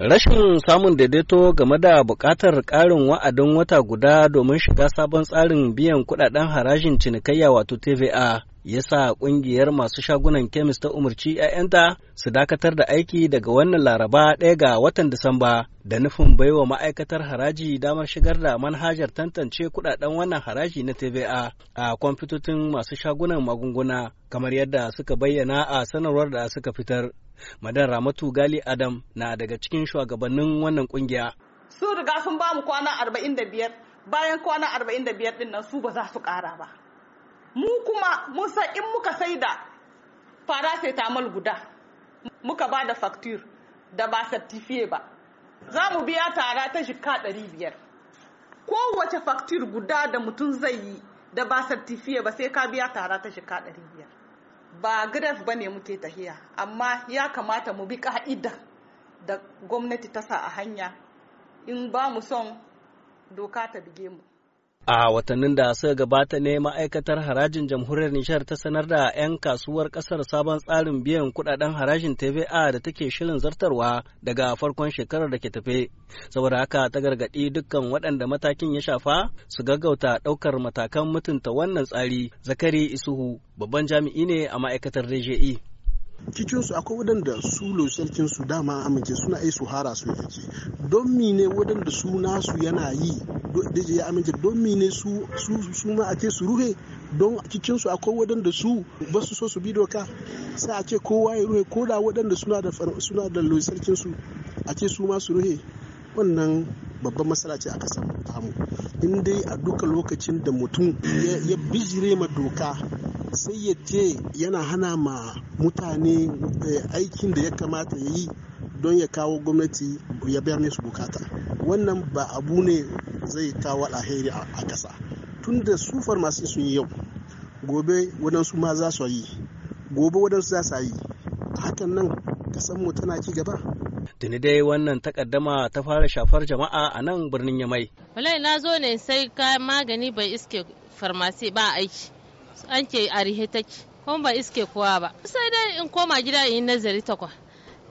Rashin samun daidaito game da buƙatar ƙarin wa'adin wata guda domin shiga sabon tsarin biyan kuɗaɗen harajin cinikayya wato TVA ya sa ƙungiyar masu shagunan kemis ta umarci 'ya'yanta su dakatar da aiki daga wannan laraba ɗaya ga watan Disamba da nufin baiwa ma'aikatar haraji damar shigar da manhajar tantance kuɗaɗen wannan haraji na TVA a kwamfutotin masu shagunan magunguna kamar yadda suka bayyana a sanarwar da suka fitar. Madan Ramatu Gali Adam na daga cikin shugabannin wannan kungiya. Sun riga sun ba mu kwana 45 bayan kwana 45 din nan su ba za su kara ba. Mu kuma mun san in muka sai da paracetamol guda muka ba da facture da ba certificate ba. Za mu biya tara ta shika 500. Kowace facture guda da mutum zai yi da ba certificate ba sai ka biya tara ta shika 500. ba gref ba ne muke tahiya amma ya kamata mu bi ka'ida da gwamnati ta sa a hanya in ba mu son doka ta bige mu A watannin da suka gabata ne ma'aikatar harajin jamhuriyar Nishar ta sanar da 'yan kasuwar kasar sabon tsarin biyan kudaden harajin TVA da take shirin zartarwa daga farkon shekarar da ke tafe. Saboda haka ta gargaɗi dukkan waɗanda matakin ya shafa su gaggauta ɗaukar matakan mutunta wannan tsari Zakari Isuhu babban jami'i ne a ma'aikatar DJI. E. cikinsu akwai waɗanda su losarkin su dama amince suna ai su hara su yake don mine waɗanda su nasu yana yi da ya amince don mine su su ma a ce su ruhe don cikin su akwai waɗanda su ba su so su bi doka sai a ce kowa ya ruhe ko da waɗanda suna da suna da su a ce su ma su ruhe wannan babban matsala ce a kasar tamu in dai a duka lokacin da mutum ya bijire ma doka sai ya ce yana hana ma mutane eh, aikin da ya kamata ya yi don ya kawo gwamnati ya bayar su bukata wannan ba abu ne zai kawo alheri a ƙasa tun da su farmasi sun yi yau gobe waɗansu ma za su yi gobe waɗansu za su yi hakan nan mu tana ci gaba tuni dai wannan takaddama ta fara shafar jama'a a nan birnin yamai wallahi na zo ne sai ka magani bai iske farmasi ba aiki an ke a ta take kuma ba iske kowa ba sai dai in koma gida in yi nazari takwa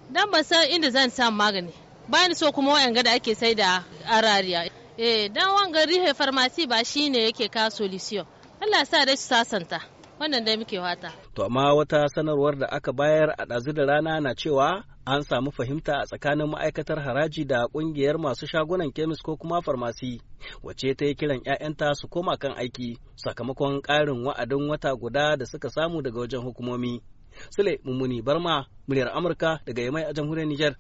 dan ba san inda zan samu magani bayan so kuma wayan da ake sai da arariya eh dan wanga rihe farmasi ba shine yake ka solution Allah sa dai su sasanta wannan dai muke wata to amma wata sanarwar da aka bayar a ɗazu da rana na cewa an samu fahimta a tsakanin ma'aikatar haraji da ƙungiyar masu shagunan kemis ko kuma farmasi wace ta yi kiran 'ya'yanta su koma kan aiki sakamakon ƙarin wa'adin wata guda da suka samu daga wajen hukumomi sule mummuni barma muryar amurka daga yamai a jamhuriyar Nijar.